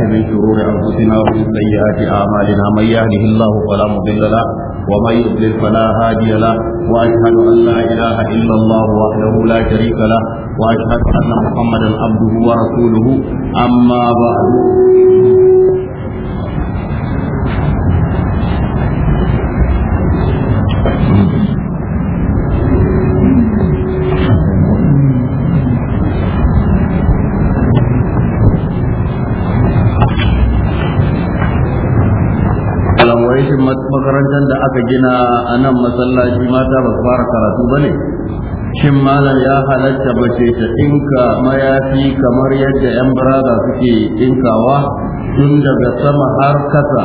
من شرور أنفسنا ومن سيئات أعمالنا من يهده الله فلا مضل له ومن يضلل فلا هادي له وأشهد أن لا إله إلا الله وحده لا شريك له وأشهد أن محمدا عبده ورسوله أما بعد rashin makarantar da aka gina a nan masallaci mata ba su fara karatu ba ne shin malam ya halatta ce ta inka mayafi kamar yadda 'yan baraza suke inkawa tun daga sama har kasa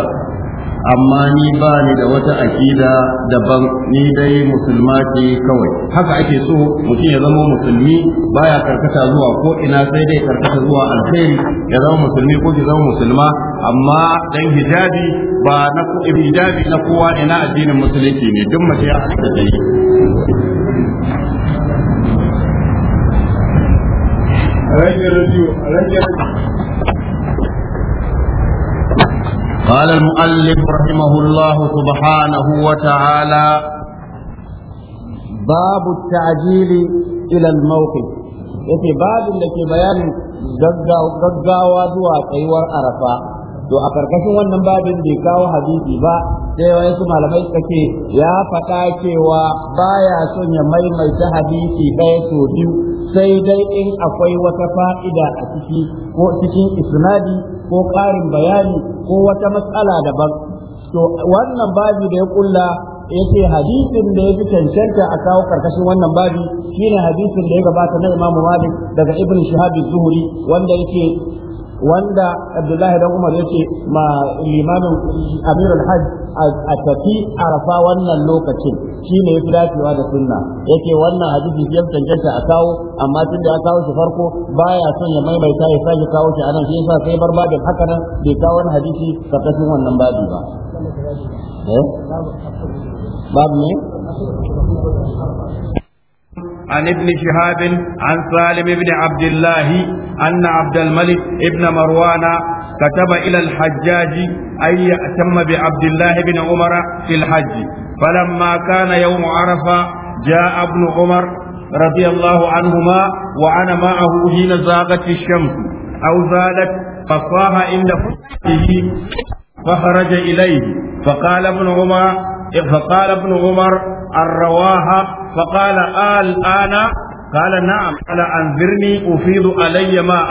amma ni ba ni da wata akida daban ni dai musulma ce kawai haka ake so mutum ya zama musulmi baya karkata zuwa ko ina sai dai karkata zuwa alheri ya zama musulmi ko ki zama musulma amma dan hijabi ba na hijabi na kowa ina addinin musulunci ne duk mace ya halatta da yi rage rediyo قال المؤلف رحمه الله سبحانه وتعالى باب التعجيل إلى الموقف yake babin da ke bayanin gaggawa zuwa tsayuwar arafa to a karkashin wannan babin bai kawo hadisi ba sai wasu malamai suka ce ya faɗa cewa baya son ya maimaita hadisi ɗaya sau biyu sai dai in akwai wata fa'ida a ciki ko cikin isnadi ko ƙarin bayani ko wata matsala daban to wannan babi da ya kulla yace hadisin da ya fi cancanta a kawo karkashin wannan babi shine hadisin da ya gabata na Imam Malik daga Ibn Shihab az-Zuhri wanda yake wanda Abdullahi dan Umar yake ma limamin Amir a tafi arafa wannan lokacin shine yafi dacewa da sunna yake wannan hadisi ya tantance a kawo amma tun da ya kawo shi farko baya son ya maimaita ya sake kawo shi anan shi yasa sai bar babin haka nan bai kawo wani hadisi karkashin wannan babi ba eh? babu ne عن ابن شهاب عن سالم بن عبد الله أن عبد الملك ابن مروان كتب إلى الحجاج أن يأتم بعبد الله بن عمر في الحج فلما كان يوم عرفة جاء ابن عمر رضي الله عنهما وأنا معه حين زاغت الشمس أو زالت فصاح عند فتحه فخرج إليه فقال ابن عمر فقال ابن عمر الرواها فقال آل آنا قال نعم قال أنذرني أفيض علي ماء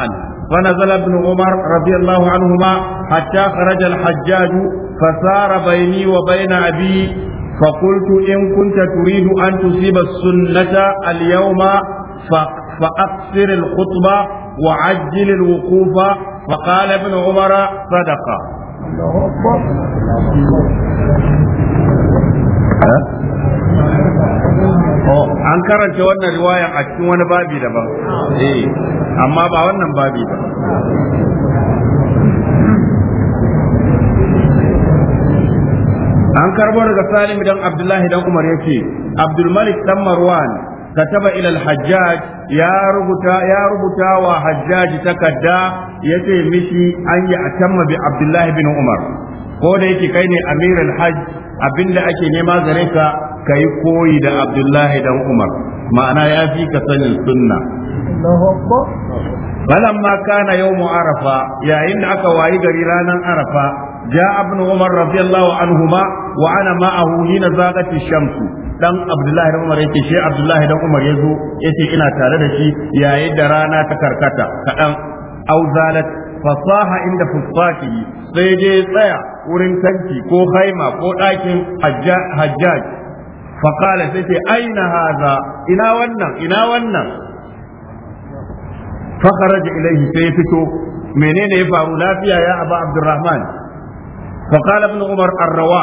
فنزل ابن عمر رضي الله عنهما حتى خرج الحجاج فسار بيني وبين أبي فقلت إن كنت تريد أن تصيب السنة اليوم فأقصر الخطبة وعجل الوقوف فقال ابن عمر صدق الله أكبر Oh, an karanta wannan riwaya a cikin wani babi daban eh amma ba wannan babi ba an karbo daga salim dan abdullahi dan umar yace abdul malik dan marwan kataba ila al hajjaj ya rubuta ya rubuta wa hajjaj takadda yace mishi an ya tamma bi abdullahi bin umar ko da yake kai ne amirul hajj abinda ake nema gare ka kai koyi da abdullahi dan umar ma'ana ya fi ka sanin sunna فلما كان يوم عرفة يا إن أكا واي غريرانا عرفة جاء ابن عمر رضي الله عنهما وأنا معه حين زاغت الشمس dan Abdullahi dan Umar yake shi Abdullahi dan Umar yazo yace ina tare da shi yayin da rana ta karkata kadan auzalat fasaha inda fusfati sai je tsaya wurin tanki ko haima ko ɗakin hajjaj faƙala sai ce aina haza ina wannan ina wannan fakaraja ilaihi sai ya fito menene ya faru lafiya ya aba abdurrahman faƙala bin umar arrawa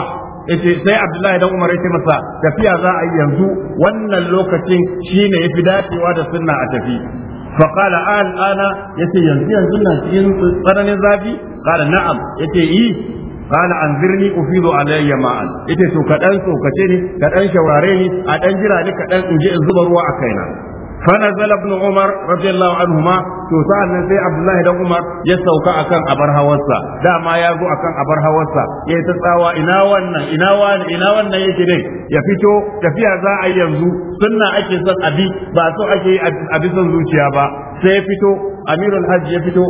yace sai abdullahi dan umar yace masa tafiya za a yi yanzu wannan lokacin shine yafi dacewa da sunna a tafi فقال yace yanzu yanzu ينزل cikin tsananin zafi? قال na'am yace إيه qala anzirni ufidu alayya ma'an yace to ka dan tsokace ni ka dan shaurare ni a ɗan jira ni ka dan inje in zuba ruwa a kaina فنزل ابن عمر رضي الله عنهما to sa'an nan sai Abdullahi dan Umar ya sauka akan abar hawarsa dama ya zo akan abar hawarsa ina wannan ina wannan dai ya fito tafiya za a yi yanzu sunna ake son abi ba so ake yi abi son zuciya ba sai ya fito Amirul Hajji ya fito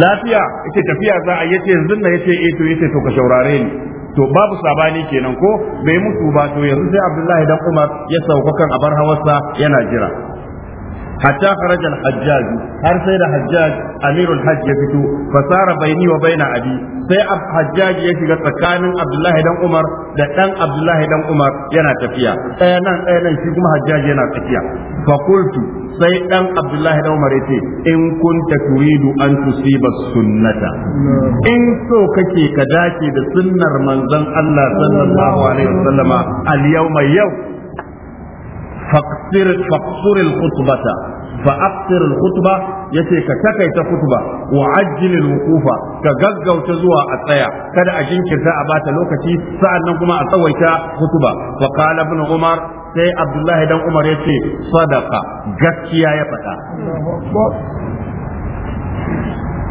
lafiya yace tafiya za a yace yanzu na yace eh to yace to ka shaurare ni to babu sabani kenan ko bai mutu ba to yanzu sai Abdullahi dan Umar ya sauka kan abar hawarsa yana jira hatta kharaja al har sai da hajjaj amirul ya fito fasara baini wa baina abi sai Hajjaji ya shiga tsakanin abdullahi dan umar da dan abdullahi dan umar yana tafiya ɗaya nan ɗaya nan yana tafiya fa sai ɗan abdullahi dan umar ce in kunta turidu an tusiba sunnata in so kake ka dace da sunnar manzon Allah sallallahu alaihi yau فأقصر فاقصر الخطبة فأقصر الخطبة yace ka takaita kutuba wa ajjilil wuqufa ka gaggauta zuwa a tsaya kada a jinkirta a bata lokaci nan kuma a tsawaita kutuba wa qala ibn umar sai abdullahi dan umar yace sadaqa gaskiya ya faɗa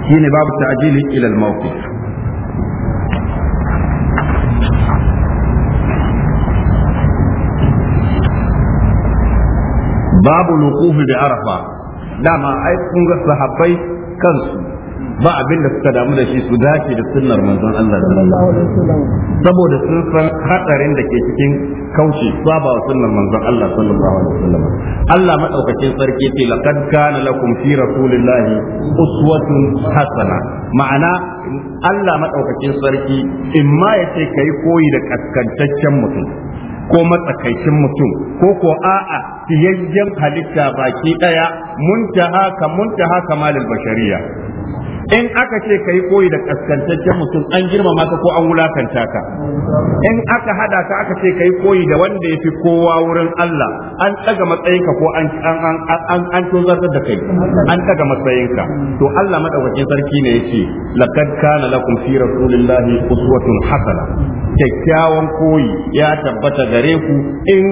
shine babu ta'jili ila al-mawqif babu lukufi da arafa dama ai kun ga sahabbai kansu ba abin da suka damu da shi su dace da sunnar manzon Allah sallallahu alaihi wasallam saboda sun san hadarin da ke cikin kauce saba wa sunnar manzon Allah sallallahu alaihi wasallam Allah madaukakin sarki ce laqad kana lakum fi rasulillahi uswatun hasana ma'ana Allah madaukakin sarki in ma yace kai koyi da kaskantaccen mutum ko matsakaicin mutum ko ko a'a fiyayyen halitta baki daya muntaha ka muntaha kamalin bashariya in aka ce kai koyi da kaskantaccen mutum an girmama ka ko an wulakanta ka in aka hada ka aka ce kai koyi da wanda yafi kowa wurin Allah an daga matsayinka ko an an an an tozartar da kai an daga matsayinka to Allah madaukakin sarki ne yace laqad kana lakum fi rasulillahi uswatun hasana kyakkyawan koyi ya tabbata gare ku in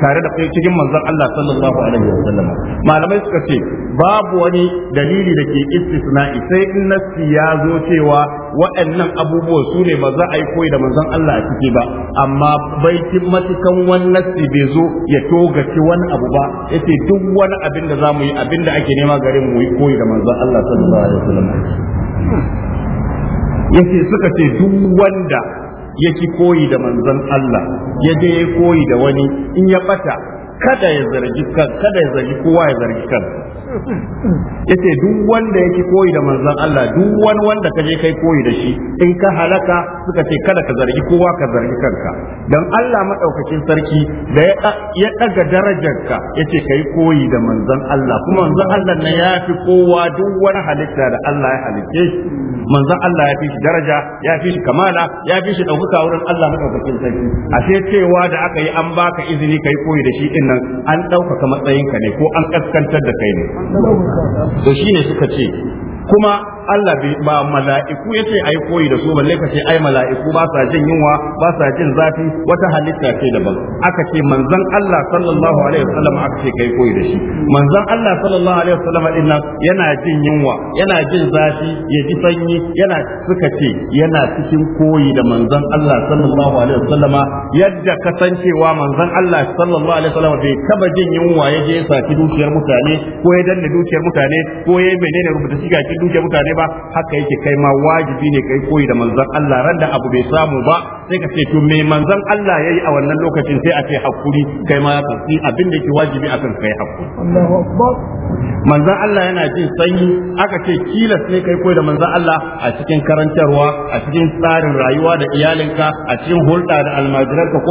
tare da cikin manzon Allah sallallahu alaihi wasallam malamai suka ce babu wani dalili da ke istisna'i sai in nassi ya zo cewa waɗannan abubuwa su ne ba za a yi koyi da manzon Allah a ciki ba amma kin matukan wani nassi bai zo ya togaci wani abu ba yace duk wani abin da za yi abin da ake nema gare mu yi koyi da manzon Allah sallallahu alaihi wasallam yace suka ce duk wanda ya ki koyi da manzon Allah ya je ya koyi da wani in ya bata kada ya zargi kan kada ya zargi kowa ya zargi kan yace duk wanda yake koyi da manzon Allah duk wani wanda ka je kai koyi da shi in ka halaka suka ce kada ka zargi kowa ka zargi kanka dan Allah madaukakin sarki da ya daga darajarka yace kai koyi da manzon Allah kuma manzon Allah ne ya fi kowa duk wani halitta da Allah ya halice shi manzon Allah ya fi shi daraja ya fi shi kamala ya fi shi dauka wurin Allah madaukakin sarki ashe cewa da aka yi an baka izini kai koyi da shi din nan an dauka matsayinka ne ko an kaskantar da kai ne to ne suka ce kuma Allah bai ba mala'iku yace ai koyi da su balle ka ce ai mala'iku ba sa jin yunwa ba sa jin zafi wata halitta ce daban aka ce manzon Allah sallallahu alaihi wasallam aka ce kai koyi da shi manzon Allah sallallahu alaihi wasallam din nan yana jin yunwa yana jin zafi ya ji sanyi yana suka ce yana cikin koyi da manzon Allah sallallahu alaihi wasallama yadda kasancewa manzon Allah sallallahu alaihi wasallama bai taba jin yunwa ya je ya saki dukiyar mutane ko ya danne dukiyar mutane ko ya menene rubuta shiga cikin dukiyar mutane ba haka yake kai ma wajibi ne kai koyi da manzon Allah ran da abu bai samu ba sai ka ce to me manzon Allah yayi a wannan lokacin sai a ce hakuri kai ma ka yi abin da yake wajibi akan kai hakuri Allahu akbar manzon Allah yana jin sanyi aka ce kilas ne kai koyi da manzon Allah a cikin karantarwa a cikin tsarin rayuwa da iyalinka a cikin hulɗa da almajiranka ko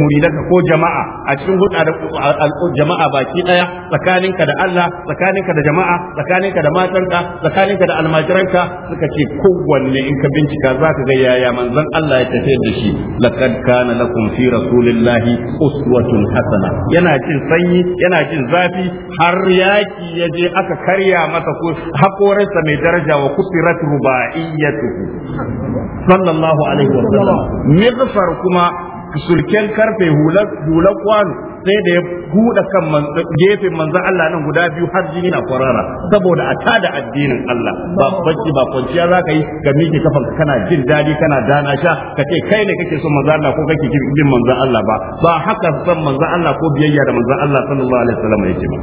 muridanka ko jama'a a cikin hulɗa da jama'a baki daya tsakaninka da Allah tsakaninka da jama'a tsakaninka da matanka tsakaninka da almajiranka almajiranka suka ce kowanne in ka bincika za ka ga yaya manzon Allah ya tafiyar da shi laqad kana lakum fi rasulillahi uswatun hasana yana jin sanyi yana jin zafi har yaki ya je aka karya masa ko hakorinsa mai daraja wa kufirat rubaiyatuhu sallallahu alaihi wa sallam kuma surken karfe hular kwano sai da ya buɗe kan gefen manzan Allah nan guda biyu har jini na kwarara saboda a tada addinin Allah ba bacci ba kwanciya za ka yi ga miki kafan kana jin daɗi kana dana sha ka ce kai ne kake son manzan Allah ko kake bin manzan Allah ba ba haka san manzan Allah ko biyayya da manzan Allah sallallahu alaihi wasallam yake ba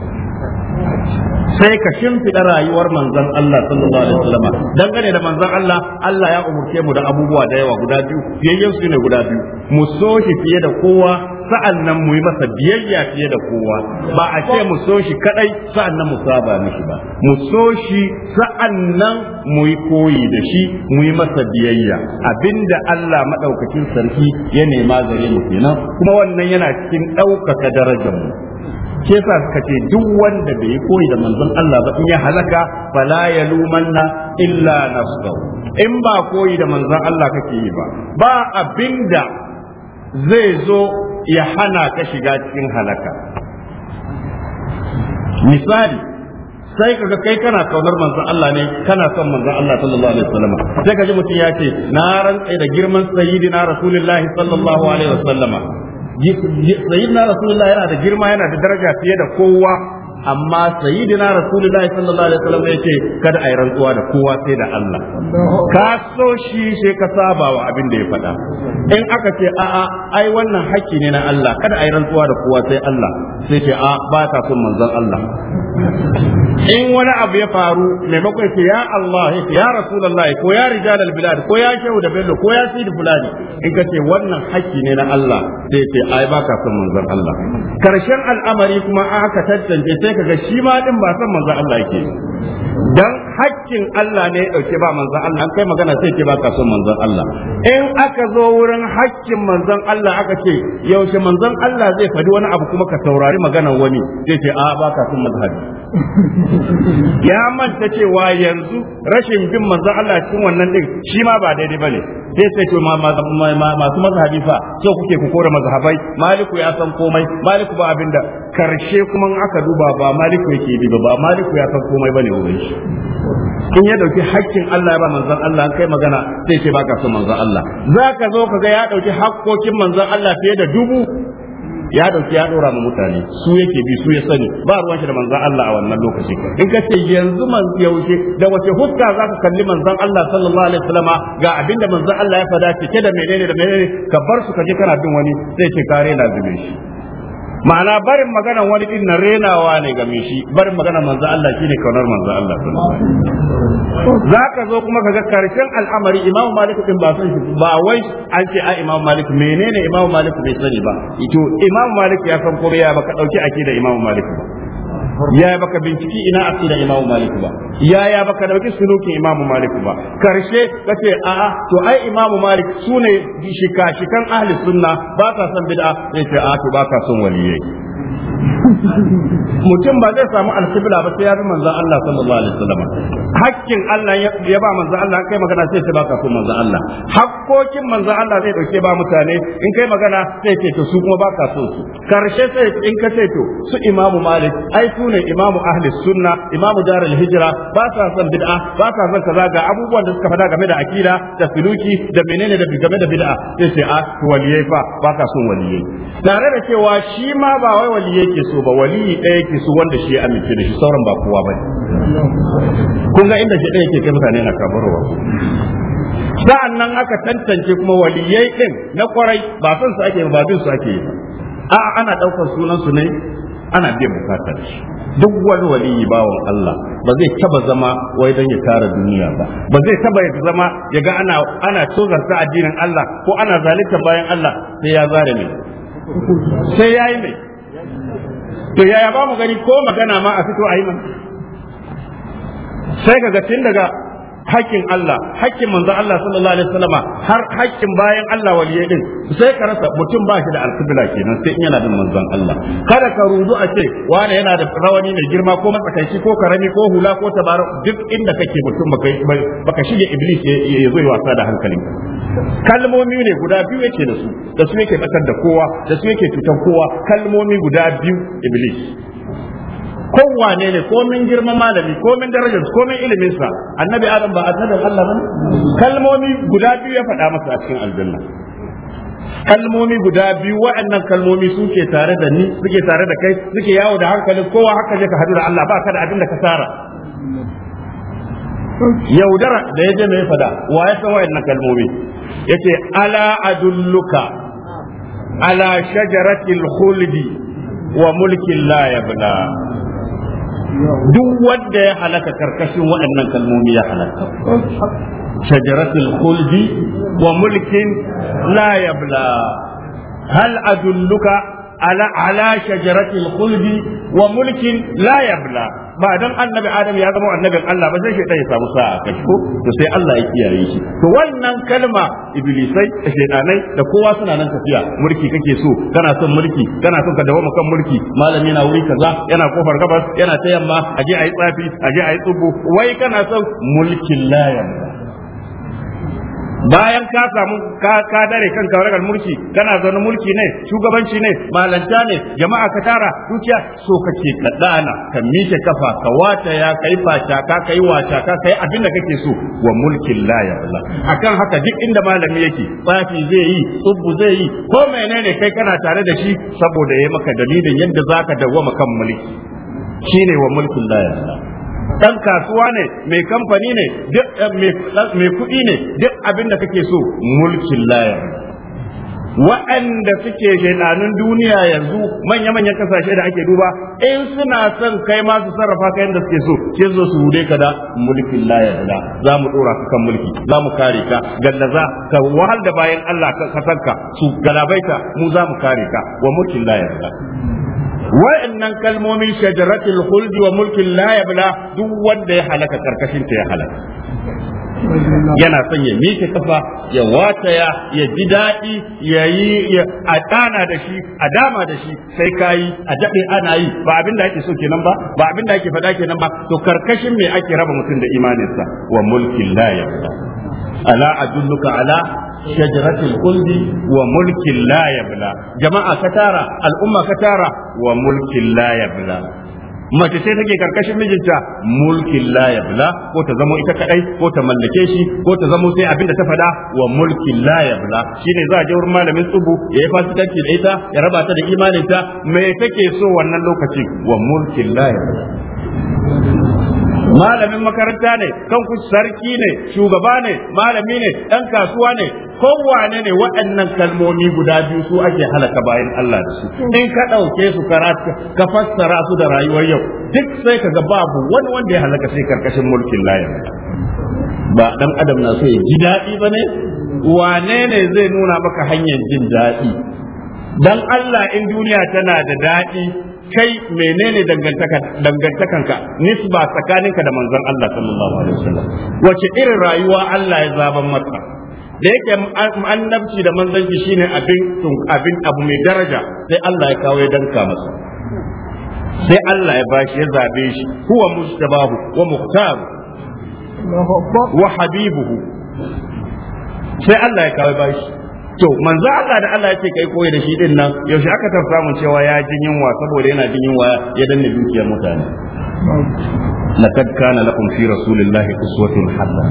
sai ka shimfiɗa rayuwar manzan Allah sallallahu alaihi wasallam dangane da manzan Allah Allah ya umurce mu da abubuwa da yawa guda biyu biyayyen su ne guda biyu mu so shi fiye da kowa sa'an nan mu yi masa biyayya fiye da kowa ba a ce mu so shi kadai sa'an nan mu saba mishi ba mu so shi sa'an nan mu yi koyi da shi mu yi masa biyayya abinda Allah madaukakin sarki ya nema gare mu kenan kuma wannan yana cikin ɗaukaka darajar mu ke sa ka ce duk wanda bai koyi da manzon Allah ba in ya halaka fala yalumanna illa nafsahu in ba koyi da manzon Allah kake yi ba ba abinda zai zo ya hana ka shiga cikin halaka misali sai kaga kai kana kaunar manzon Allah ne kana son manzon Allah sallallahu alaihi wasallam sai kaji mutum ya ce na rantsa da girman sayyidina rasulullahi sallallahu alaihi wasallama sayyidina rasulullah yana da girma yana da daraja fiye da kowa amma sayyidina rasulullahi sallallahu alaihi wasallam ya ce kada ayi rantsuwa da kowa sai da Allah ka so shi sai ka saba wa abin da ya faɗa in aka ce a a ai wannan haƙƙi ne na Allah kada ayi rantsuwa da kowa sai Allah sai ce a ba ta son manzon Allah in wani abu ya faru maimakon ce ya Allah ya rasulullahi ko ya rijal al bilad ko ya shehu da bello ko ya sidi fulani in ka ce wannan haƙƙi ne na Allah sai ce ai ba ka son manzon Allah karshen al'amari kuma aka tantance sai kaga shi ma din ba san manzo Allah yake dan hakkin Allah ne ya dauke ba manzo Allah an kai magana sai ke ba ka son manzo Allah in aka zo wurin hakkin manzo Allah aka ce yaushe manzo Allah zai faɗi wani abu kuma ka taurari maganar wani sai ce a ba ka manzo Allah ya manta cewa yanzu rashin bin manzo Allah cikin wannan din shi ma ba daidai bane sai sai ma masu mazhabi fa so kuke ku kore mazhabai maliku ya san komai maliku ba abinda karshe kuma in aka duba ba maliku yake bi ba maliku ya san komai bane wurin shi in ya dauki hakkin Allah ya ba manzon Allah an kai magana sai ce baka son manzon Allah zaka zo ka ga ya dauki hakkokin manzon Allah fiye da dubu ya dauki ya dora ma mutane su yake bi su ya sani ba ruwan shi da manzon Allah a wannan lokaci in ka ce yanzu man yaushe da wace huska za ka kalli manzon Allah sallallahu alaihi wasallama ga abinda manzon Allah ya fada cike da menene da menene ka bar su ka je kana bin wani sai ce kare na zube shi ma'ana barin magana wani din na renawa ne game shi barin magana manzo Allah shine kaunar manzo Allah za ka zo kuma ka ga karshen al'amari imamu malik din ba son shi ba wai an ce a imamu malik menene imamu malik bai sani ba ito imamu malik ya san komai ya baka dauki da imamu malik ba ya baka binciki ina cikin imamu malik ba ya ya baka wakil sulukin imamu malik ba karshe kace a a to ai imamu malik sune shika shikan ahli sunna ba ka san bid'a sai ce a to ba ka son waliyai mutum ba zai samu alkibla ba sai ya bi manzon Allah sallallahu alaihi wasallam hakkin Allah ya ba manzon Allah kai magana sai ce baka son manzon Allah hakkokin manzon Allah zai dauke ba mutane in kai magana sai ce to su kuma baka so su karshe sai in ka ce to su imamu malik ai su ne imamu ahli sunna imamu darul hijra ba sa san bid'a ba sa san kaza ga abubuwan da suka fada game da akida da filuki da menene da game da bid'a sai ce a ah, waliyai fa baka son waliyai tare da cewa shi ma ba wai waliyai ke so so ba waliyi ɗaya ke su wanda shi ya amince da shi sauran ba kowa ne. kun ga inda shi ɗaya ke kai mutane na kabarwa sa'an nan aka tantance kuma waliyai ɗin na kwarai ba son su ake ba bin su ake yi a ana ɗaukar sunansu ne ana biyan bukatar shi duk wani yi bawan Allah ba zai taba zama wai don ya tara duniya ba ba zai taba ya zama ya ga ana ana tozarta addinin Allah ko ana zalunta bayan Allah sai ya zare ne sai ya yi mai to yaya ba mu gani ko magana ma a fito a yi mana sai kaga tun daga hakkin Allah hakkin manzo Allah sallallahu alaihi wasallama har hakkin bayan Allah waliyai din sai ka rasa mutum ba shi da alkibla kenan sai in yana da manzon Allah kada ka rudu a ce wani yana da rawani mai girma ko matsakaici ko karami ko hula ko tabarau duk inda kake mutum baka shige iblis ya zo wasa da hankalinka kalmomi ne guda biyu yake da su da su yake batar da kowa da su yake cutar kowa kalmomi guda biyu iblis kowane ne komin girman malami komin darajar komin ilimin sa annabi adam ba annabin Allah ba kalmomi guda biyu ya faɗa masa a cikin aljanna kalmomi guda biyu waɗannan kalmomi suke tare da ni suke tare da kai suke yawo da hankalin kowa haka je ka hadu da Allah ba ka da abin da ka tsara yaudara da ya je mai fada wa ya san wayannan kalmomi yace ala adulluka ala shajaratil khuldi wa mulkin la yabla duk wanda ya halaka karkashin waɗannan kalmomi ya halaka shajaratul khuldi wa mulkin la yabla hal adulluka ala ala shajaratil khuldi wa mulkin la ba dan annabi Adamu ya zama annabin Allah ba sai shaitan ya samu sa'a kai ko to Allah ya kiyaye shi to wannan kalma iblisai shaitanai da kowa suna nan tafiya mulki kake so kana son mulki kana so ka dawo kan mulki malami yana wuri kaza yana kofar gabas yana ta yamma aje ayi tsafi aje ayi tsubu wai kana son mulkin la bayan ka samu ka dare kan kawaragar mulki kana zaune mulki ne shugabanci ne malanta ne jama'a ka tara dukiya so kake ka dana ka mike kafa ka wata ya kai fata ka kai wata ka kai abin da kake so wa mulkin la ya Allah akan haka duk inda malami yake tsafi zai yi tsubbu zai yi ko menene kai kana tare da shi saboda yayi maka dalilin yadda zaka dawwama kan mulki shine wa mulkin la ya Allah dan kasuwa ne mai kamfani ne duk eh, mai kuɗi ne duk abin da kake so mulkin laya waɗanda suke shaidanun duniya yanzu manya-manyan kasashe da ake duba in suna son kai ma su sarrafa ka yadda suke so ke zo su hude ka da mulkin layar da za mu ɗora su kan mulki za mu kare ka za, ka wahal da bayan Allah ka sanka su galabaita mu za mu kare ka wa mulkin layar da wa'annan kalmomin shajaratul khuld wa mulkin la yabla duk wanda ya halaka karkashin ta ya halaka yana son ya miƙe kafa ya wataya ya ji daɗi ya yi a ɗana da shi a dama da shi sai kayi a daɗe ana yi ba abin da ake so kenan ba ba abin da ake faɗa kenan ba to karkashin me ake raba mutum da imaninsa wa mulkin la yabla ala adulluka ala shajaratul khuldi wa mulkin la jama'a Katara, al'umma Katara, wa mulkin la yabla mace sai take karkashin mijinta mulkin la ko ta zamo ita kadai ko ta mallake shi ko ta zamo sai abinda ta faɗa, wa mulkin la yabla shine za a je wurin malamin tsubu ya yi fasikanci da ita ya raba ta da imaninta me take so wannan lokacin wa mulkin la malamin makaranta ne kan ku sarki ne shugaba ne malami ne dan kasuwa ne kowane ne waɗannan kalmomi guda biyu su ake halaka bayan Allah da su in ka ɗauke su karatu ka fassara su da rayuwar yau duk sai ka ga babu wani wanda ya halaka sai karkashin mulkin layin ba dan adam na sai ji daɗi ba ne wane ne zai nuna maka hanyar jin daɗi dan Allah in duniya tana da daɗi kai menene dangantakanka nisba tsakaninka da manzon Allah sallallahu alaihi wasallam wace irin rayuwa Allah ya zaban masa da yake annabci da manzanci shine abin abin abu mai daraja sai Allah ya kawo ya danka masa sai Allah ya bashi ya zabe shi huwa mustabahu wa muhtar wa habibuhu sai Allah ya kawo ya bashi to manzo Allah da Allah yake kai koyi da shi din nan yaushe aka tarsa samun cewa ya jin yunwa saboda yana jin yunwa ya danne dukiyar mutane laqad kana lakum fi rasulillahi uswatun hasana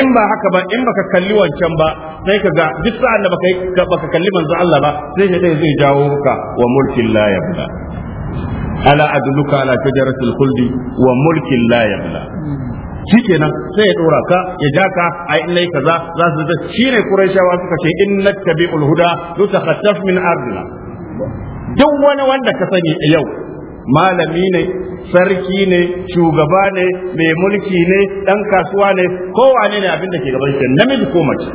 in ba haka ba in baka kalli wancan ba sai ka ga duk sa'an da baka baka kalli manzo Allah ba sai shi dai zai jawo ka wa mulkin la yabla ala adluka ala shajaratil khuldi wa mulkin la yabla shikenan sai ya dora ka ya ja ka ai in kaza za su da shine quraishawa suka ce inna tabi'ul huda nutakhattaf min ardina duk wani wanda ka sani yau malami ne sarki ne shugaba ne mai mulki ne dan kasuwa ne kowane ne abin da ke gaban shi namiji ko mace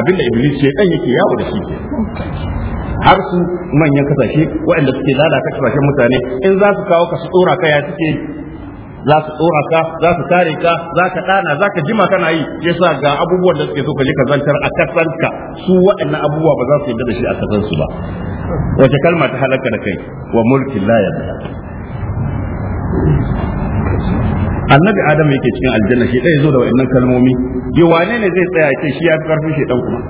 abin da iblis ce dan yake yawo da shi har su manyan kasashe waɗanda suke lalata kasashen mutane in za su kawo ka su tsora kaya suke za su tsora ka za su kare ka za ka dana za ka jima kana yi yasa ga abubuwan da suke so ka ka zantar a kasanka su waɗannan abubuwa ba za su yarda da shi a kasan su ba wace kalma ta halaka da kai wa mulkin la yabla annabi adam yake cikin aljanna shi dai zo da waɗannan kalmomi yi wane ne zai tsaya ce shi ya fi karfin shi dan kuma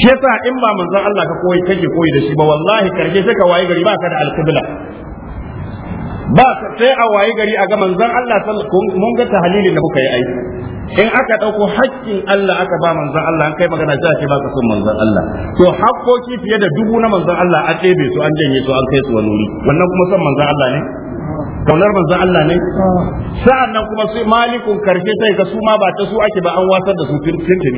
shi yasa in ba manzon Allah ka koyi kake koyi da shi ba wallahi karshe sai ka waye gari ba ka da alqibla ba sai a waye gari a ga manzon Allah mun ga tahlilin da muka yi ai in aka dauko haƙƙin Allah aka ba manzon Allah an kai magana sai ce ba ka son manzon Allah to hakkoki fiye da dubu na manzon Allah a ɗebe su an janye su an kai su wani wuri wannan kuma son manzon Allah ne kaunar manzon Allah ne sa'an nan kuma sai malikun karshe sai ka su ma ba ta su ake ba an wasar da su tuntuni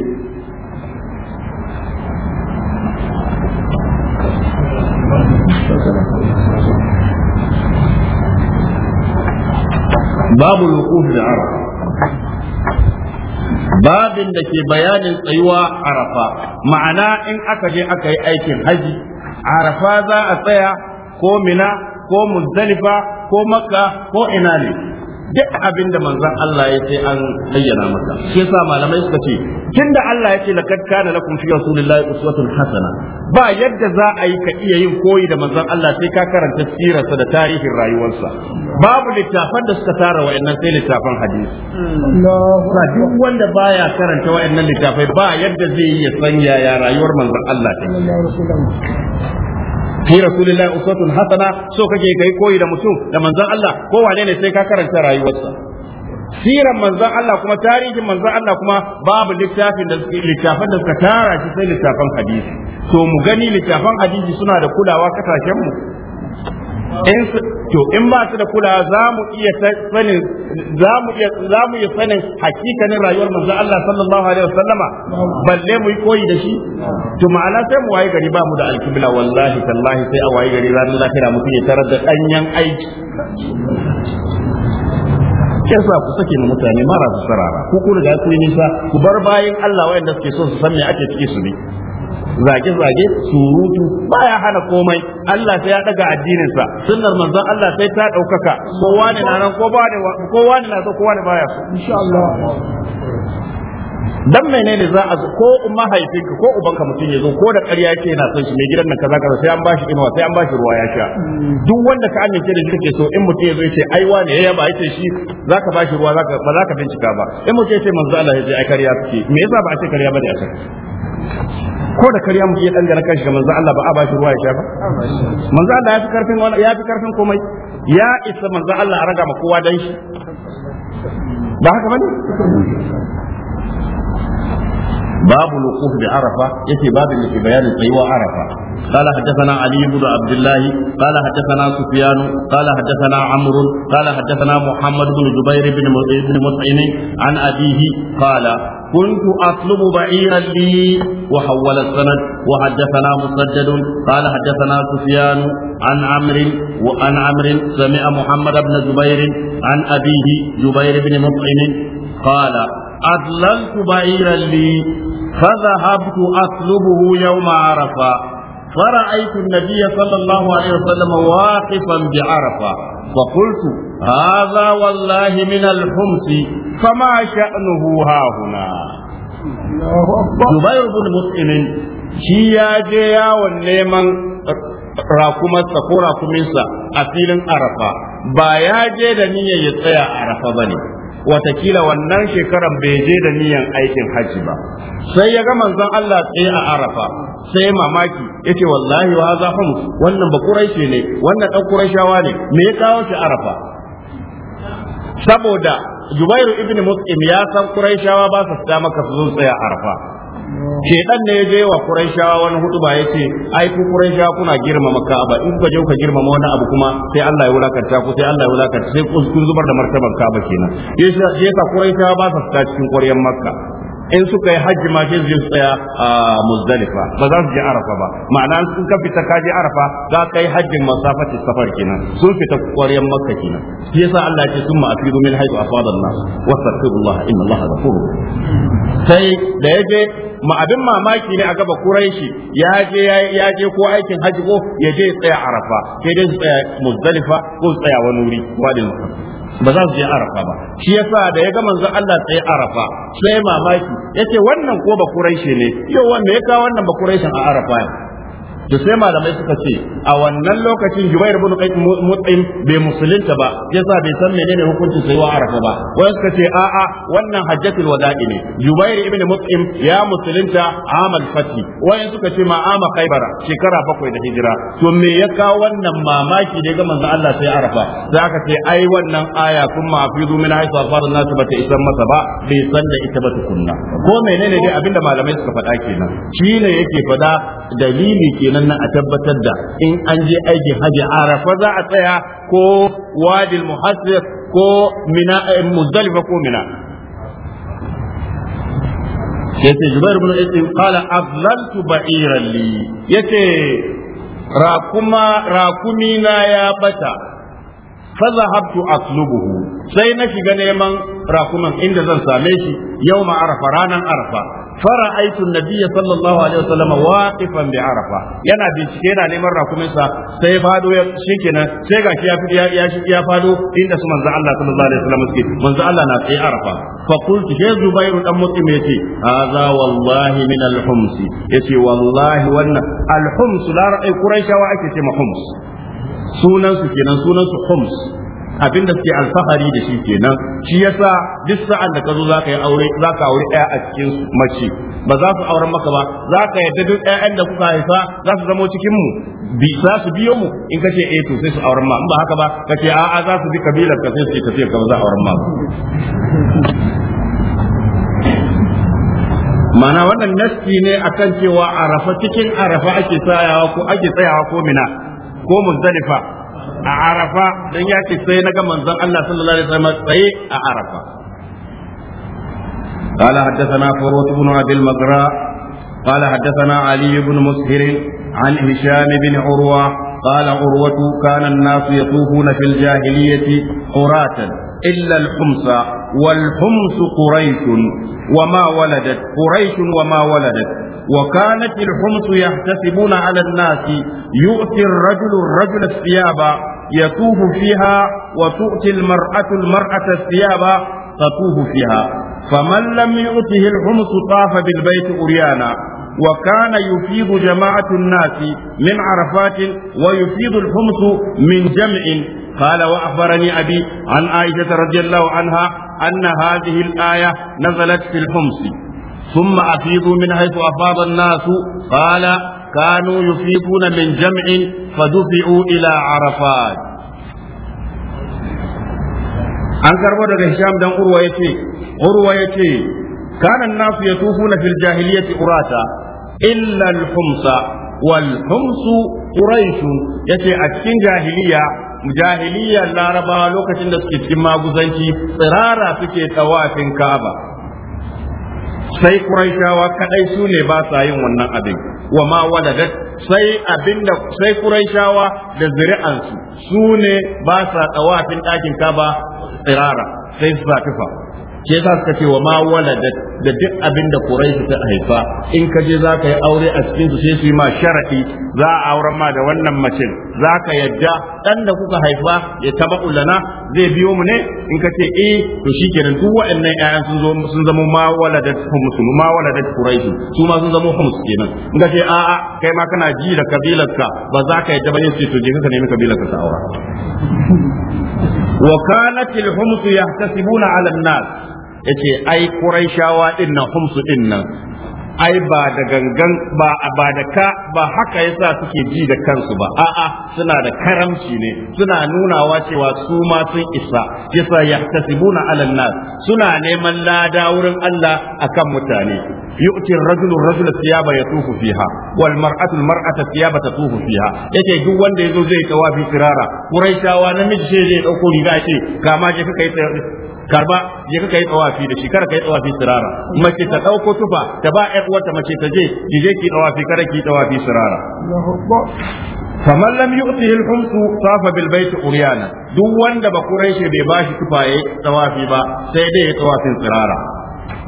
babu wuqufi da arafa babin da ke bayanin tsayuwa arafa ma'ana in aka je aka yi aikin haji arafa za a tsaya ko mina ko muzdalifa ko makka ko ina ne duk abin da manzon Allah ya ce an bayyana maka shi yasa malamai suka ce tunda Allah ya ce laqad kana lakum fi rasulillahi uswatun hasana ba yadda za a yi ka iya yin koyi da manzon Allah sai ka karanta sirarsa da tarihin rayuwarsa babu littafan da suka tara wa'annan sai littafan hadisi na duk wanda baya karanta wayannan littafai ba yadda zai yi ya sanya ya rayuwar manzon Allah ta. fi rasulillahi uswatun hasana so kake kai koyi da mutum da manzon Allah ko wane ne sai ka karanta rayuwarsa siran manzon Allah kuma tarihin manzon Allah kuma babu littafin da littafan da suka tara shi sai littafan hadisi to mu gani littafan hadisi suna da kulawa kasashen mu in to in ba su da kula za mu iya sanin za mu iya za mu iya sanin hakikanin rayuwar manzo Allah sallallahu alaihi wasallama balle mu yi koyi da shi to ma'ana sai mu waye gari ba mu da alkibla wallahi tallahi sai a waye gari ranar lafiya mutum ya tarar da danyen aiki sa ku sake mu mutane mara su sarara ku ku riga ku yi nisa ku bar bayin Allah wayanda suke so su san me ake cike su ne. zage-zage surutu baya hana komai Allah sai ya daga sa sunnar manzon Allah sai ta daukaka kowa ne na nan kowa ne na so kowa ne baya insha Allah dan menene za a ko mahaifinka ko ubanka mutum ya zo ko da ƙarya yake na son shi mai gidan nan kaza kaza sai an bashi inuwa sai an bashi ruwa ya sha duk wanda ka amince da shi kake so in mutum ya zo yace ai wane ya yaba yace shi zaka bashi ruwa zaka ba zaka bincika ba in mutum yace manzo Allah yace ai ƙarya kake me yasa ba a ce ƙarya bane a can ko da ƙarya mu ya dangana kanshi ga manzo Allah ba a bashi ruwa ya sha ba manzo Allah ya fi karfin ya fi karfin komai ya isa manzo Allah a raga ma kowa dan shi ba haka bane باب الوقوف بعرفة يتي باب اللي في بيان الطيوة عرفة قال حدثنا علي بن عبد الله قال حدثنا سفيان قال حدثنا عمرو قال حدثنا محمد بن جبير بن بن مطعم عن أبيه قال كنت أطلب بعيرا لي وحول السند وحدثنا مسدد قال حدثنا سفيان عن عمرو وعن عمرو سمع محمد بن جبير عن أبيه جبير بن مطعم قال adlaltu ba'iran li فذهبت أطلبه يوم عرفة فرأيت النبي صلى الله عليه وسلم واقفا بعرفة فقلت هذا والله من الحمص فما شأنه هاهنا زبير بن مسلم shi ya je yawon neman rakumarsa ko rakuminsa a filin arafa ba ya je da niyyar ya tsaya arafa ba ne watakila wannan shekaran bai je da niyan aikin hajji ba sai ya ga manzon Allah tsaye a Arafa sai mamaki yace wallahi wa za wannan ba quraishi ne wannan dan kuraishawa ne me ya kawo shi Arafa saboda Jubairu ibn Mut'im ya san kuraishawa ba su tsaya maka su zo tsaya Arafa shedan ne je wa quraishawa wani hutuba yace ai ku quraishawa kuna girmama ka'aba in kuka je kuka girmama wani abu kuma sai Allah ya wulakanta ku sai Allah ya wulakanta sai kun zubar da martabar ka'aba kenan yasa yasa quraishawa ba sa cikin ƙwaryar makka in suka yi hajji ma sai su tsaya a muzdalifa ba za su je arafa ba ma'ana sun ka fita ka je arafa za ka yi hajjin masafati safar kenan sun fita kwaryan makka kenan shi yasa Allah ya ce summa afidu min haythu afada an-nas wastaghfirullah inna Allah ghafurur sai da yaje ma abin mamaki ne a gaba kuraishi ya je ya je ko aikin hajji ko ya je tsaya arafa sai dai su tsaya muzdalifa ko tsaya wani wuri wadin ba za su je arafa ba shi yasa da ya ga manzon Allah sai arafa sai mamaki yace wannan ko ba quraishi ne yau wanda ya kawo wannan ba quraishin a arafa to sai malamai suka ce a wannan lokacin Jubair ibn Mut'im bai musulunta ba yasa bai san menene hukuncin sai wa Arafa ba wai suka ce a a wannan hajjatul wada'i ne Jubair ibn Mut'im ya musulunta amal fati wai suka ce ma ama Khaibara shekara bakwai da hijira to me ya kawo wannan mamaki da ga manzo Allah sai Arafa sai aka ce ai wannan aya kun ma'afizu min haisa farin nasu bata isan masa ba bai san da ita ba tukunna ko menene dai abinda malamai suka faɗa kenan shine yake faɗa dalili kenan nan a tabbatar da in an je aikin haji arafa za a tsaya ko wadil muhassir ko mina eh, muzdalifa ko mina yace jubair ibn isim qala adlaltu ba'iran li yace rakuma rakumi na ya bata fazahabtu atlubuhu sai na shiga neman rakuman inda zan same shi yawma arafa ranan arafa fara'aitu nabiyya sallallahu alaihi wasallam waqifan bi arafa yana bincike yana neman rakumin sa sai fado ya shikenan sai gashi ya ya ya inda su manzo Allah sallallahu alaihi wasallam suke manzo Allah na tsaye arafa fa qultu ya zubairu dan mutim yace wallahi min wallahi wannan ake ce ma hums sunansu kenan sunansu homs abinda suke alfahari da shi kenan shi yasa duk sa'an da ka zo zaka yi aure zaka aure ɗaya a cikin mace ba za su auren maka ba zaka yadda duk ɗayan da kuka haifa za su zamo cikin mu bi za su biyo mu in kace eh to sai su auren ma in ba haka ba kace a'a za su bi kabilar ka sai su tafi ka za auren ma mana wannan nasti ne akan cewa arafa cikin arafa ake tsayawa ko ake tsayawa ko mina ko muzdalifa a arafa dan ya ce sai na ga manzon Allah sallallahu alaihi wasallam tsaye a arafa قال حدثنا فروت بن ابي المقراء قال حدثنا علي بن مسهر عن هشام بن عروه قال عروه كان الناس يطوفون في الجاهليه عراة الا الحمصى والحمص قريش وما ولدت قريش وما ولدت وكانت الحمص يحتسبون على الناس يؤتي الرجل الرجل الثياب يتوب فيها وتؤتي المرأة المرأة الثياب تتوب فيها فمن لم يؤته الحمص طاف بالبيت أريانا وكان يفيض جماعة الناس من عرفات ويفيض الحمص من جمع قال وأخبرني أبي عن عائشة رضي الله عنها أن هذه الآية نزلت في الحمص ثم أفيضوا من حيث أفاض الناس قال كانوا يفيضون من جمع فدفعوا إلى عرفات an karbo daga Hisham dan Urwa yace Urwa yace kana an-nasu yatufuna fil jahiliyyati urata illa al-humsa wal humsu quraish yace a cikin jahiliya jahiliyar larabawa lokacin da suke cikin maguzanci tsirara suke tawafin ka'aba sai Qurayshawa kadai su ne ba sa yin wannan abin wa ma waladat sai abinda sai Qurayshawa da zuri'ansu su ne ba sa tawafin dakin kaba tsirara sai su tufa Ke yasa suka ce wa mawala da duk abin da ta haifa in ka je za ka yi aure a cikin su sai su yi ma sharadi za a auren ma da wannan macin? za ka yadda dan da kuka haifa ya taba ulana zai biyo mu ne in ka ce eh to shikenan duk waɗannan ƴaƴan sun zo sun zama mawala da humsu ma walada Quraish su ma sun zama kenan in ka ce a a kai ma kana ji da kabilarka ba za ka yadda ba ne su to je ka nemi kabilarka ta aura وكانت الحمص يحتسبون على الناس yace ai quraishawa din nan humsu din nan ai ba da gangan ba ba da ka ba haka yasa suke ji da kansu ba a'a suna da karamci ne suna nunawa cewa su ma sun isa yasa yahtasibuna ala nas suna neman lada wurin Allah akan mutane yu'ti ar-rajulu ar-rajula thiyaba yatufu fiha wal mar'atu al-mar'ata thiyaba tatufu fiha yake duk wanda yazo zai tawafi firara quraishawa namiji sai zai dauko riga ce kama je kai karba je ka yi tsawafi da shi kar ka yi tsawafi sirara mace ta dauko tufa ta ba ƴar uwarta mace ta je ki je ki tsawafi kar ki tsawafi sirara faman lam yu'ti al-humsu tafa bil bayt uriyana duk wanda ba quraishi bai bashi tufa yayi tsawafi ba sai dai ya tsawafin sirara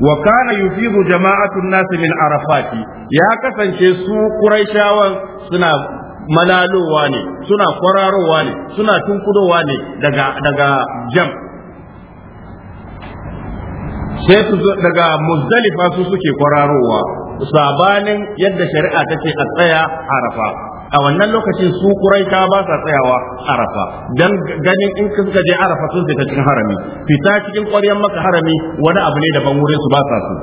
wa kana yufidu an nas min arafati ya kasance su quraishawan suna malalowa ne suna kwararowa ne suna tunkudowa ne daga daga jam' sai su daga muzdalifa su suke kwararowa sabanin yadda shari'a take a tsaya arafa a wannan lokacin su kuraita ba sa tsayawa arafa dan ganin in suka je arafa sun fita cikin harami fita cikin ƙwaryan maka harami wani abu ne daban wurin su ba sa su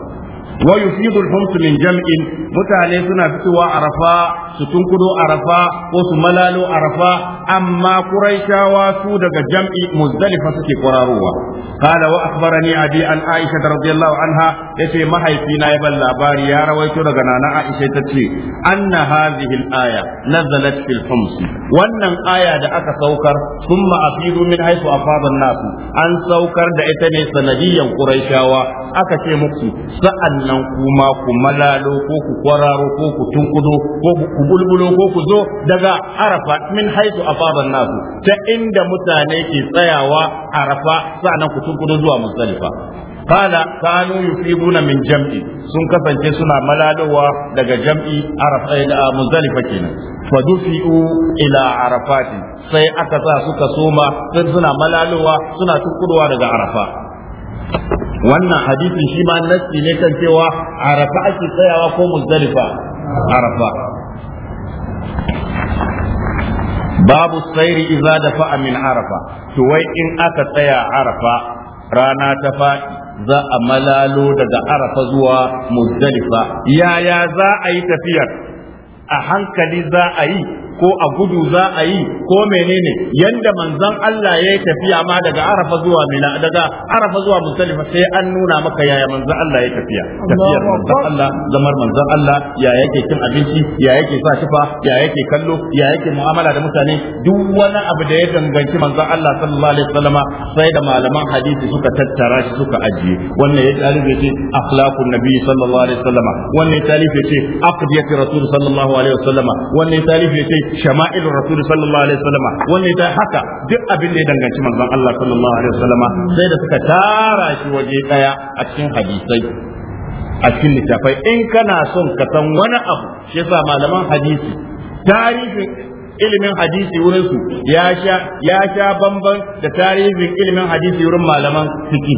wa yufidu humsu min jam'in mutane suna fitowa arafa su tunkudo arafa ko su malalo arafa amma quraishawa su daga jam'i muzdalifa suke kwararowa qala wa akhbarani abi an aisha radiyallahu anha yace mahaifina ya ban labari ya rawaito daga nana aisha tace anna hadhihi al-aya nazalat fil hums wannan aya da aka saukar thumma afidu min haythu afada an-nas an saukar da ita ne sanadiyan quraishawa aka ce muku sa'annan kuma ku malalo ko ku kwararo ko ku tunkudo ko ku bulbulo ko ku zo daga arafa min haitu afadan nasu ta inda mutane ke tsayawa arafa sa'annan ku tunkudo zuwa musdalifa Kala kanu yufiduna min jam'i sun kasance suna malalowa daga jam'i arafa eh, da muzdalifa kenan fadufi'u ila arafatin sai aka sa suka soma sun suna malalowa suna tunkuduwa daga arafa wannan hadisin shi ma nassi ne kan cewa arafa ake tsayawa ko muzdalifa arafa babu sairi iza da fa'a min arafa to wai in aka tsaya arafa rana ta fa'i za a malalo daga arafa zuwa muzdalifa yaya za a yi tafiyar a hankali za a yi ko a gudu za a yi ko menene yanda manzon Allah ya yi tafiya ma daga Arafa zuwa Mina daga Arafa zuwa Musalifa sai an nuna maka yaya manzon Allah ya tafiya tafiyar manzon Allah zamar manzon Allah ya yake cin abinci ya yake sa shifa ya yake kallo ya yake mu'amala da mutane duk wani abu da ya danganci manzon Allah sallallahu alaihi wasallama sai da malaman hadisi suka tattara shi suka ajiye wannan ya talibe ce akhlaqun nabi sallallahu alaihi wasallama wannan ya talibe ce aqdiyatu rasul sallallahu alaihi wasallama wannan ya talibe ce shama'ilur rasul sallallahu alaihi wasallam wannan ta haka duk abin da ya danganci manzon Allah sallallahu alaihi wasallam sai da suka tara shi waje daya a cikin hadisai a cikin littafai in kana son ka san wani abu shi sa malaman hadisi tarihin ilimin hadisi wurin su ya sha ya sha bamban da tarihin ilimin hadisi wurin malaman fiqh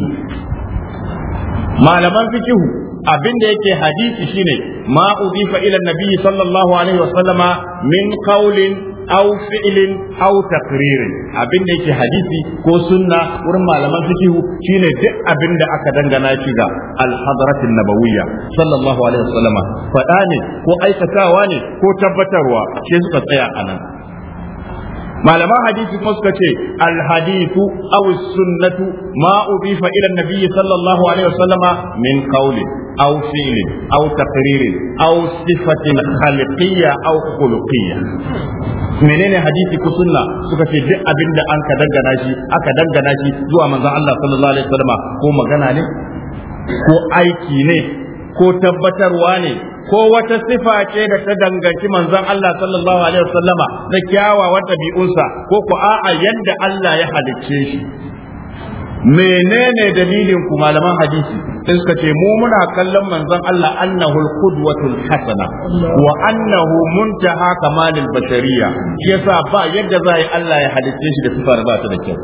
malaman fiqh abin da yake hadisi shine ma udifa ila nabi sallallahu alaihi wasallama min qawlin aw fi'lin aw taqririn abin da yake hadisi ko sunna wurin malaman fiqh shine duk abin da aka dangana shi ga al-hadrat nabawiyya sallallahu alaihi wasallama fada ne ko aikatawa ne ko tabbatarwa ke suka tsaya anan malaman hadisi kuma suka ce alhadisu aw sunnatu ma udifa ila nabiyyi sallallahu alaihi wasallama min qawli aw fi'lin aw taqririn aw sifatin khaliqiyya aw khuluqiyya menene hadisi ko sunna suka ce duk abinda an ka dangana shi aka dangana shi zuwa manzon Allah sallallahu alaihi wasallama ko magana ne ko aiki ne ko tabbatarwa ne ko wata sifa ce da ta danganci manzon Allah sallallahu alaihi wasallama na kyawawan ɗabi'unsa ko ku a'a yadda Allah ya halicce shi menene dalilin ku malaman hadisi sai suka ce mu muna kallon manzon Allah annahu alqudwatul hasana wa annahu muntaha kamalil bashariya yasa ba yadda zai Allah ya halicce shi da sifar ba ta da kyau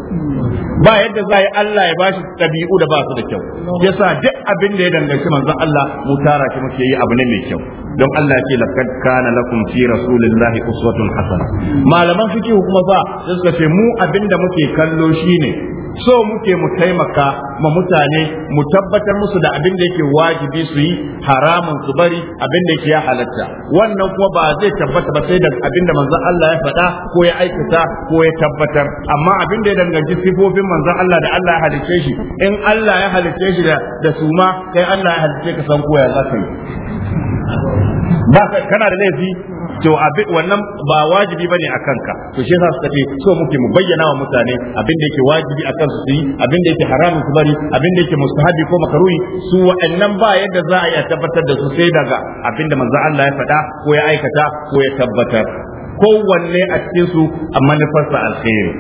ba yadda zai Allah ya bashi dabi'u da ba su da kyau yasa duk abin da ya danganci manzon Allah mu tara shi muke yi abu ne mai kyau don Allah ce laqad kana lakum fi rasulillahi uswatun hasana malaman fiqh kuma fa suka ce mu abin da muke kallo shine so muke mu taimaka ma mutane mu tabbatar musu da abin da yake wajibi su yi haramun su bari abin da yake ya halatta wannan kuma ba zai tabbata ba sai da abin da manzon Allah ya faɗa ko ya aikata ko ya tabbatar amma abin da ya danganci sifofin manzon Allah da Allah ya halicce shi in Allah ya halicce shi da suma kai Allah ya halicce ka san koya za ka yi ba kana da laifi to wannan ba wajibi bane a kanka to shi yasa suka ce so muke mu bayyana wa mutane abin da yake wajibi a kansu su yi abin da yake haramun su bari abin da yake mustahabi ko makaruhi su wa'annan ba yadda za a iya tabbatar da su sai daga abin da manzo Allah ya faɗa ko ya aikata ko ya tabbatar kowanne a cikin su a manufarsa alkhairi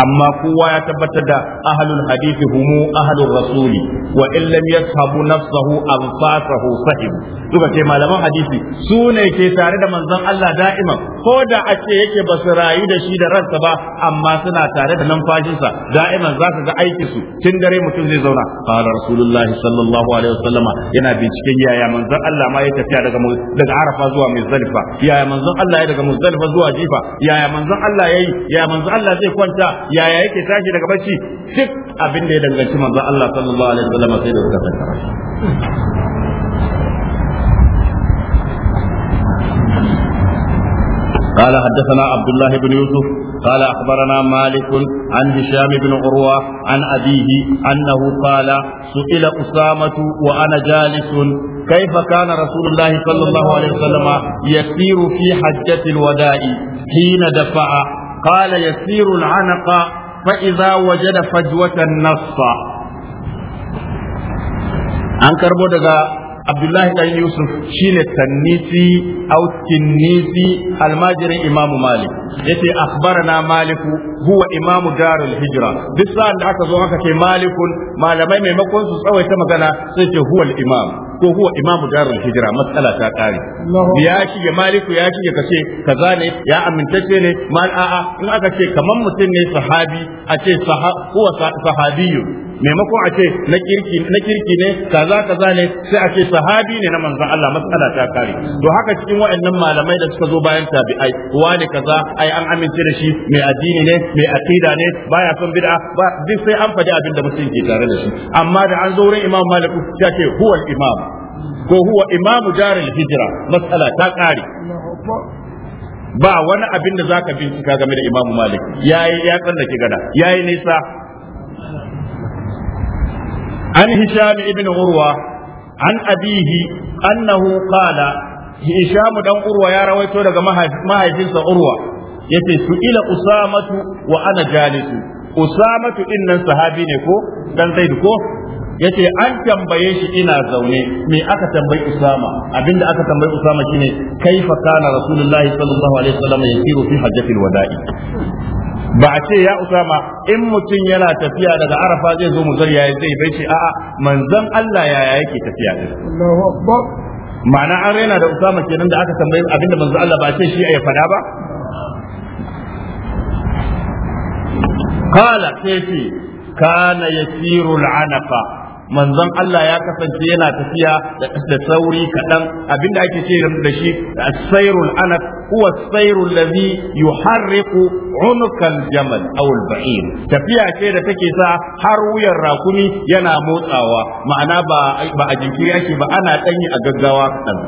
amma kowa ya tabbatar da ahlul hadithi humu ahlur rasuli wa in lam yashabu nafsahu anfasahu sahib duka ce malaman hadisi su ne ke tare da manzon Allah da'iman ko da a ce yake ba su rayu da shi da ransa ba amma suna tare da numfashinsa da'iman za ka ga aikin su tun dare mutum zai zauna qala rasulullah sallallahu alaihi wasallama yana binciken yaya manzon Allah ma ya tafiya daga daga Arafa zuwa Muzdalifa yaya manzon Allah ya daga Muzdalifa zuwa Jifa yaya manzon Allah yayi yaya manzon Allah zai kwanta yaya yake tashi daga bacci duk abin da ya danganci manzon Allah sallallahu alaihi wasallam sai da suka tattara قال حدثنا عبد الله بن يوسف قال أخبرنا مالك عن هشام بن عروة عن أبيه أنه قال سئل أسامة وأنا جالس كيف كان رسول الله صلى الله عليه وسلم يسير في حجة الوداع حين دفع قال يسير العنق فإذا وجد فجوة النص أنكر بودغا عبد الله بن يوسف شين التنيسي أو التنيسي الماجر إمام مالك يتي أخبرنا مالك هو إمام دار الهجرة بس أن أكذو مالك ما لم يكن سوى كما كان هو الإمام ko huwa imamu darul hijira matsala ta kare ya shige maliku ya shige kace kaza ne ya amintacce ne mal a'a in aka ce kaman mutum ne sahabi a ce huwa sahabiyyu maimakon a ce na kirki ne kaza kaza ne sai a ce sahabi ne na manzon Allah matsala ta kare to haka cikin waɗannan malamai da suka zo bayan tabi'ai wani kaza ai an amince da shi mai addini ne mai aqida ne baya son bid'a ba duk sai an faɗi abin da musulunci tare da shi amma da an zo wurin Imam maliku ya ce huwa imam ko huwa imamu jarin hijira, matsala ta kare ba wani abin da zaka bincika game da Imam Malik yayi ya tsallake gada yayi nisa an hisham ibn urwa an abihi annahu qala hisham dan urwa ya rawaito daga mahaifinsa urwa yace su ila usamatu wa ana jalisu usamatu innan sahabi ne ko dan zaid ko yace an tambaye shi ina zaune me aka tambayi Usama abinda aka tambayi Usama shine kaifa kana Rasulullahi sallallahu alaihi wasallam yasiru fi hajjatil wada'i ba a ce ya Usama in mutum yana tafiya daga Arafa zai zo mu zariya zai bai ce a'a manzon Allah yaya yake tafiya din Allahu akbar ma'ana an raina da Usama kenan da aka tambayi abinda manzon Allah ba ce shi ya fada ba Qala قال سيتي كان يسير العنف manzon Allah ya kasance yana tafiya da sauri kaɗan abinda ake ce da shi sairul anat huwa sairul ladhi yuharriqu unukal jamal aw al ba'ir tafiya ce da take sa har wuyan rakumi yana motsawa ma'ana ba ba a jinkiri ake ba ana danyi a gaggawa kaɗan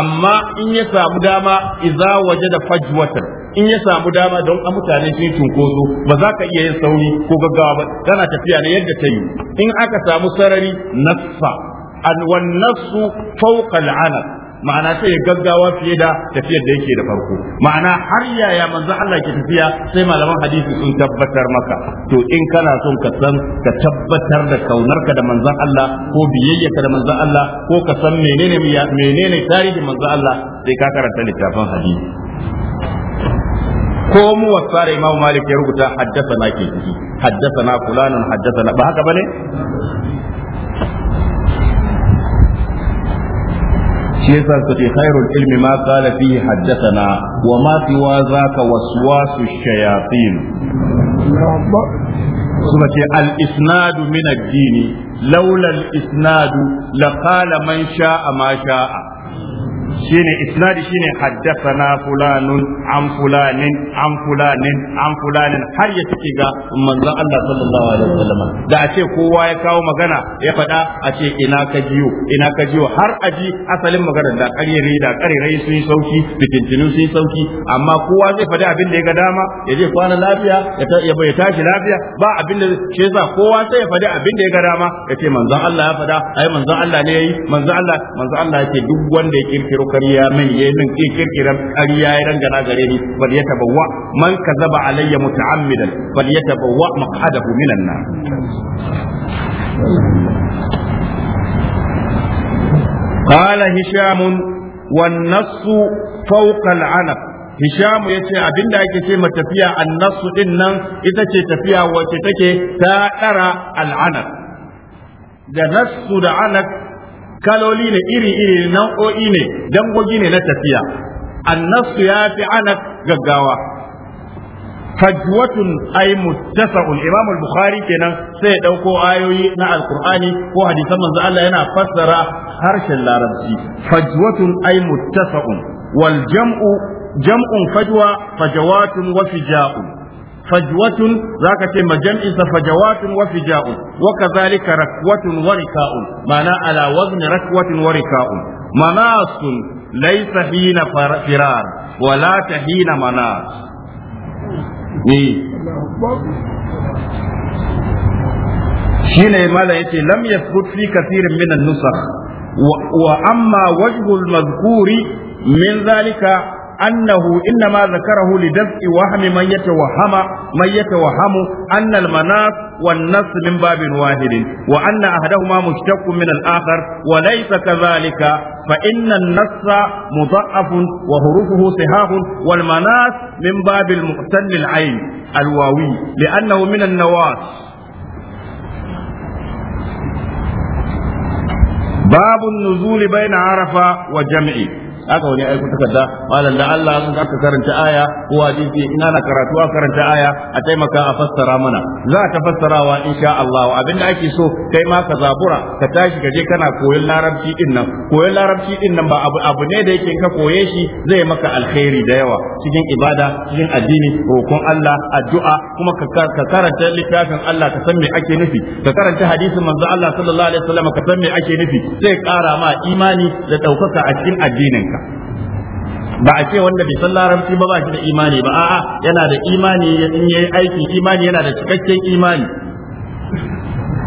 amma in ya samu dama idza wajada fajwatan in ya samu dama don a mutane sun cunkoso ba za ka iya yin sauri ko gaggawa ba Tana tafiya ne yadda ta yi in aka samu sarari nassa an wan nassu fawqa al'anaq ma'ana sai ya gaggawa fiye da tafiyar da yake da farko ma'ana har yaya manzo Allah ke tafiya sai malaman hadisi sun tabbatar maka to in kana son ka san ka tabbatar da kaunarka da manzon Allah ko biyayyarka da manzon Allah ko ka san menene menene tarihin manzon Allah sai ka karanta littafin hadisi ko mu wasa da imamu malik ya rubuta haddasa na ke ciki haddasa na fulanin haddasa na ba haka bane shi yasa su ce khairul ilmi ma qala fihi haddathana wa ma siwa zaka waswasu shayatin suka ce al isnadu min ad-dini laula al isnadu la qala man sha'a ma sha'a shine isnadi shine haddathana fulanun an fulanin an fulanin an fulanin har ya cike ga manzon Allah sallallahu alaihi wasallam da a ce kowa ya kawo magana ya faɗa a ce ina ka jiyo ina ka jiyo har aji asalin magana da ƙarere da ƙarerai sun sauki fitintinu sun sauki amma kowa zai faɗi abin da ya ga dama ya je kwana lafiya ya bai tashi lafiya ba abin da shi yasa kowa sai ya faɗi abin da ya ga dama ya ce manzon Allah ya faɗa ai manzon Allah ne yayi manzon Allah manzon Allah yake duk wanda ya kirki kirkiro kariya min yayi min kirkira kariya ya dangana gare ni bal yatabawwa man kazaba alayya muta'ammidan bal yatabawwa maq'adahu minan nar قال هشام والنص فوق العنف Hishamu ya ce abin da ake ce tafiya annasu din nan ita ce tafiya wacce take ta ɗara al'anar. Da nassu da kaloli ne iri-iri nau'o'i ne dangogi ne na tafiya annasu ya fi anak gaggawa fajwatun ay muttasa'un imam al-bukhari kenan sai ya dauko ayoyi na alqur'ani ko hadisan manzo Allah yana fassara harshen larabci fajwatun ay muttasa'un wal jam'u jam'un fajwa fajawatun wa fija'un fajwatun zaka ce ma jam'in sa fajawatun wa fija'un wa kadhalika rakwatun wa rika'un ma'ana ala wazn rakwatun wa rika'un manasun laysa hina firar wa la tahina manas shine mala yace lam yathbut fi kathirin min wa amma wajhu al-madhkuri أنه إنما ذكره لدفع وهم من يتوهم من يتوهم أن المناص والنص من باب واحد وأن أحدهما مشتق من الآخر وليس كذلك فإن النص مضعف وحروفه صحاح والمناص من باب المؤتل العين الواوي لأنه من النواص باب النزول بين عرفة وجمع aka wani aiko takarda malam da Allah in aka karanta aya ko hadisi in ana karatu a karanta aya a taimaka a fassara mana za ta fassarawa insha Allah abinda ake so kai ma ka zabura ka tashi ka je kana koyon larabci din nan koyon larabci din nan ba abu abu ne da yake ka koye shi zai maka alkhairi da yawa cikin ibada cikin addini roƙon Allah addu'a kuma ka karanta littafin Allah ka san me ake nufi ka karanta hadisin manzo Allah sallallahu alaihi wasallam ka san me ake nufi zai ƙara ma imani da ɗaukaka a cikin addinin ba a ce wanda bai san larabci ba ba shi da imani ba a'a yana da imani in yayi aiki imani yana da cikakken imani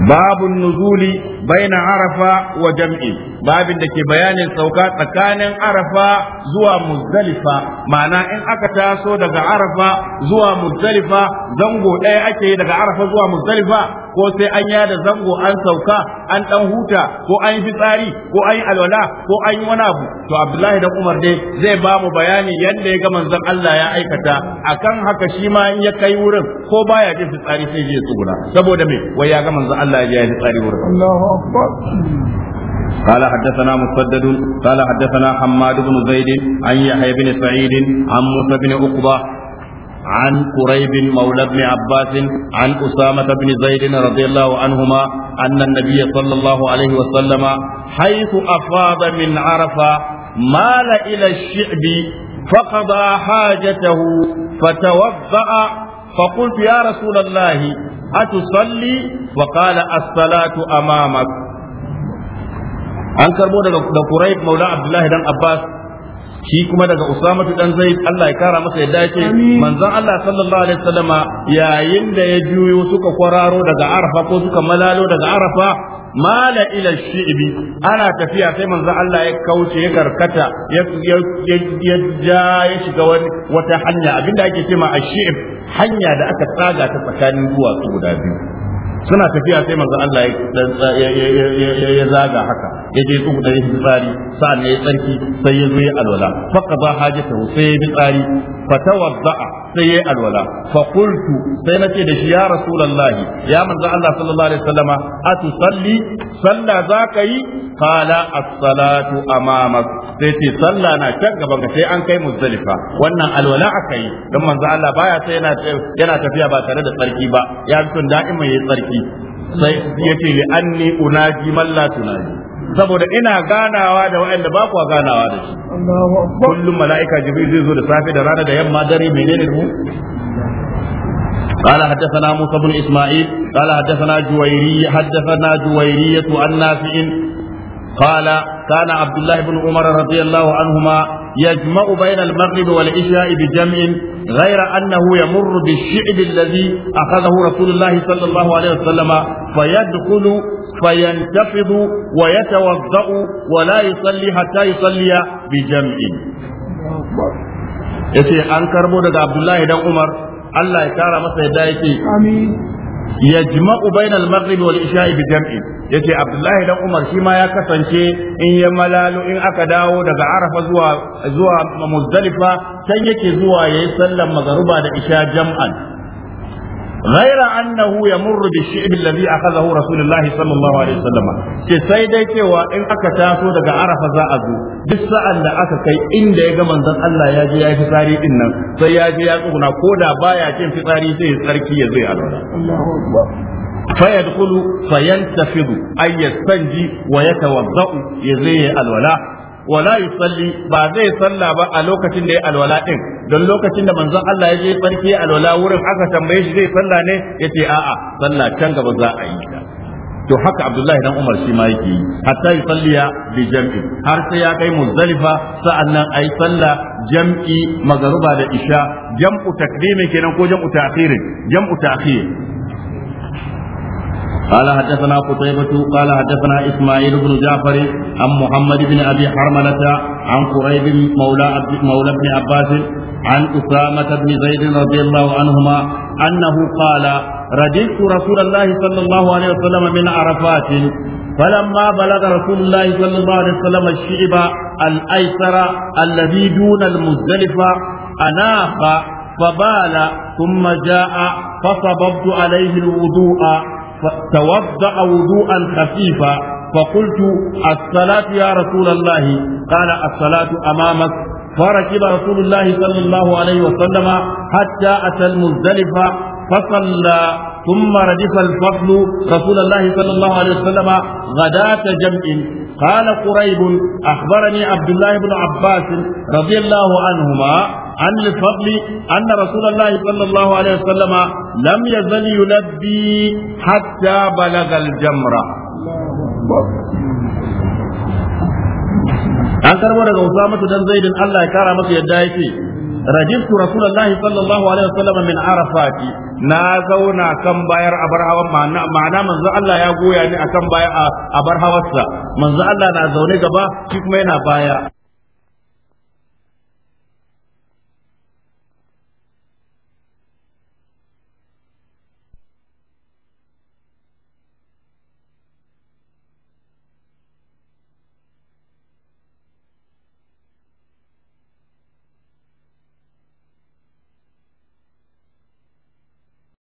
babun nuzuli baina arafa wa jam'i babin da ke bayanin sauka tsakanin arafa zuwa muzdalifa ma'ana in aka taso daga arafa zuwa muzdalifa zango ɗaya ake yi daga arafa zuwa muzdalifa ko sai an yada zango an sauka an dan huta ko an yi fitsari ko an yi alwala ko an yi wani abu to Abdullahi da Umar dai zai ba mu bayani yadda ya ga manzon Allah ya aikata akan haka shi ma in ya kai wurin ko baya jin fitsari sai ya tsuguna saboda me wai ya ga manzon Allah ya yi fitsari wurin Allahu akbar قال حدثنا مسدد قال حدثنا حماد بن زيد عن يحيى بن سعيد عن موسى بن عقبه عن قريب مولى بن عباس عن أسامة بن زيد رضي الله عنهما أن النبي صلى الله عليه وسلم حيث أفاض من عرفة مال إلى الشعب فقضى حاجته فتوضأ فقلت يا رسول الله أتصلي وقال الصلاة أمامك an karbo daga da Quraib Maula Abdullahi dan Abbas shi kuma daga Usama dan zai Allah ya kara masa yadda yake manzon Allah sallallahu alaihi wasallama yayin da ya juyo suka kwararo daga Arafa ko suka malalo daga Arafa mala ila shi'bi ana tafiya sai manzon Allah ya kauce ya karkata ya ja ya shiga wata hanya abinda ake cewa a shi'b hanya da aka tsaga ta tsakanin duwatsu guda biyu suna tafiya sai manzo Allah ya zaga haka ya je tsugu da yin tsari sa'an ya tsarki sai ya zo ya alwala fa qada hajatahu sai ya bi tsari fa tawadda'a sai yayi alwala fa qultu sai nace da shi ya rasulullahi ya manzo Allah sallallahu alaihi wasallama atusalli salla zaka yi qala as-salatu amamak sai ce salla na can gaban ka sai an kai muzdalifa wannan alwala aka yi dan manzo Allah baya sai yana yana tafiya ba tare da tsarki ba ya fi daiman yayi tsarki sai yace li anni unaji man la tunaji saboda ina ganawa da waɗanda ba kuwa ganawa da su kullum mala'ika jibril zai zo da safe da rana da yamma dare menene mu قال حدثنا موسى بن اسماعيل قال حدثنا جويري حدثنا جويرية عن نافع قال كان عبد الله بن عمر رضي الله عنهما يجمع بين المغرب والعشاء بجمع غير أنه يمر بالشعب الذي أخذه رسول الله صلى الله عليه وسلم فيدخل فينتفض ويتوضأ ولا يصلي حتى يصلي بجمع yace an karbo daga Abdullahi dan Umar Allah ya kara masa yadda yake amin yajma'u bainal maghrib wal isha'i bi jam'i, yace abdullahi dan umar shi ma ya kasance in ya malalo in aka dawo daga arafa zuwa zuwa muzdalifa sai yake zuwa yayi sallan magruba da isha jam'an غير أنه يمر بالشعب الذي أخذه رسول الله صلى الله عليه وسلم sai dai cewa in aka taso daga arafa za a zo duk sa'an da aka kai inda ya ga manzon Allah ya je ya fi tsari din sai ya ya tsuguna ko da baya jin fitsari sai ya tsarki ya zo ya alwala فيدخل فينتفض أي يستنجي ويتوضأ يزيه الولاء wala yusalli ba zai salla ba a lokacin da ya alwala din don lokacin da manzon Allah ya je farke alwala wurin aka tambaye shi zai salla ne yace a'a salla can gaba za a yi ta to haka Abdullahi dan Umar shi ma yake yi hatta yusalliya bi jam'i har sai ya kai Muzdalifa sa'annan ai salla jam'i magaruba da isha jam'u takdimi kenan ko jam'u tasirin? jam'u ta'khir قال حدثنا قتيبة قال حدثنا إسماعيل بن جعفر عن محمد بن أبي حرملة عن قريب مولى مولى بن عباس عن أسامة بن زيد رضي الله عنهما أنه قال رددت رسول الله صلى الله عليه وسلم من عرفات فلما بلغ رسول الله صلى الله عليه وسلم الشعب الأيسر الذي دون المزدلفة أناخ فبال ثم جاء فصببت عليه الوضوء توضأ وضوءا خفيفا فقلت الصلاة يا رسول الله قال الصلاة أمامك فركب رسول الله صلى الله عليه وسلم حتى أتى المزدلفة فصلى ثم ردف الفضل رسول الله صلى الله عليه وسلم غداة جمع قال قريب أخبرني عبد الله بن عباس رضي الله عنهما عن الفضل أن رسول الله صلى الله عليه وسلم لم يزل يلبي حتى بلغ الجمرة an karbo daga Usama dan Zaidin Allah ya kara masa yadda yake rajibtu rasulullahi sallallahu alaihi wasallam min arafati na zauna kan bayar abar hawa ma'ana manzo Allah ya goya ni akan bayar abar hawarsa manzo Allah na zaune gaba shi kuma yana baya